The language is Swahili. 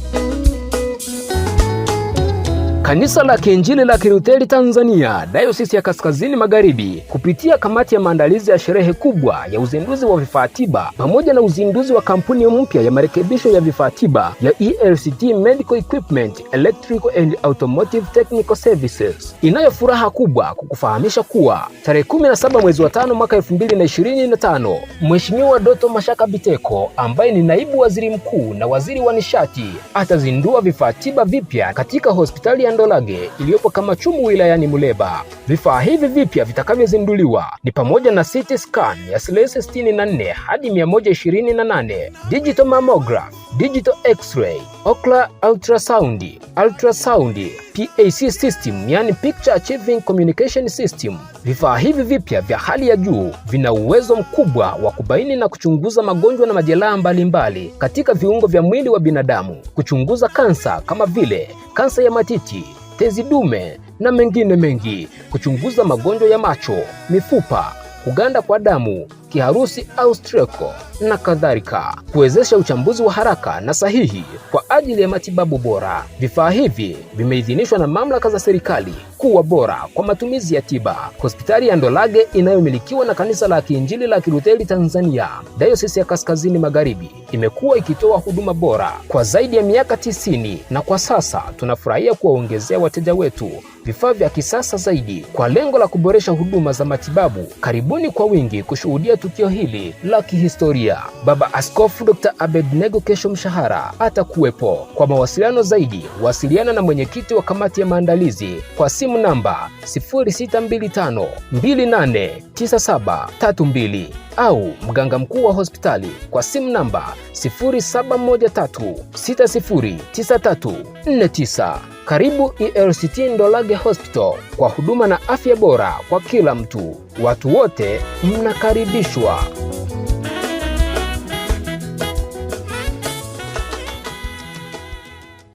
Thank you. Kanisa la Kiinjili la Kilutheri Tanzania Dayosisi ya Kaskazini Magharibi kupitia kamati ya maandalizi ya sherehe kubwa ya uzinduzi wa vifaa tiba pamoja na uzinduzi wa kampuni mpya ya marekebisho ya vifaa tiba ya ELCT Medical Equipment Electrical and Automotive Technical Services inayo furaha kubwa kukufahamisha kuwa tarehe 17 mwezi wa 5 mwaka 2025 Mheshimiwa Doto Mashaka Biteko ambaye ni naibu waziri mkuu na waziri wa nishati atazindua vifaa tiba vipya katika hospitali ya Ndolage iliyopo kama chumu wilayani Muleba. Vifaa hivi vipya vitakavyozinduliwa ni pamoja na CT scan ya slesi 64 hadi 128, digital mammograph digital x-ray, ocular ultrasound, ultrasound, PAC system, yani picture achieving communication system. Vifaa hivi vipya vya hali ya juu vina uwezo mkubwa wa kubaini na kuchunguza magonjwa na majeraha mbalimbali katika viungo vya mwili wa binadamu, kuchunguza kansa kama vile kansa ya matiti, tezi dume na mengine mengi, kuchunguza magonjwa ya macho, mifupa, kuganda kwa damu, kiharusi au stroke na kadhalika, kuwezesha uchambuzi wa haraka na sahihi kwa ajili ya matibabu bora. Vifaa hivi vimeidhinishwa na mamlaka za serikali kuwa bora kwa matumizi ya tiba. Hospitali ya Ndolage inayomilikiwa na Kanisa la Kiinjili la Kilutheri Tanzania, Dayosisi ya Kaskazini Magharibi, imekuwa ikitoa huduma bora kwa zaidi ya miaka tisini na kwa sasa tunafurahia kuwaongezea wateja wetu vifaa vya kisasa zaidi kwa lengo la kuboresha huduma za matibabu. Karibuni kwa wingi kushuhudia tukio hili la kihistoria. Tanzania. Baba Askofu Dr. Abednego kesho Mshahara atakuwepo. Kwa mawasiliano zaidi, wasiliana na mwenyekiti wa kamati ya maandalizi kwa simu namba 0625 au mganga mkuu wa hospitali kwa simu namba 0713609349. Karibu ELCT Ndolage Hospital kwa huduma na afya bora kwa kila mtu. Watu wote mnakaribishwa.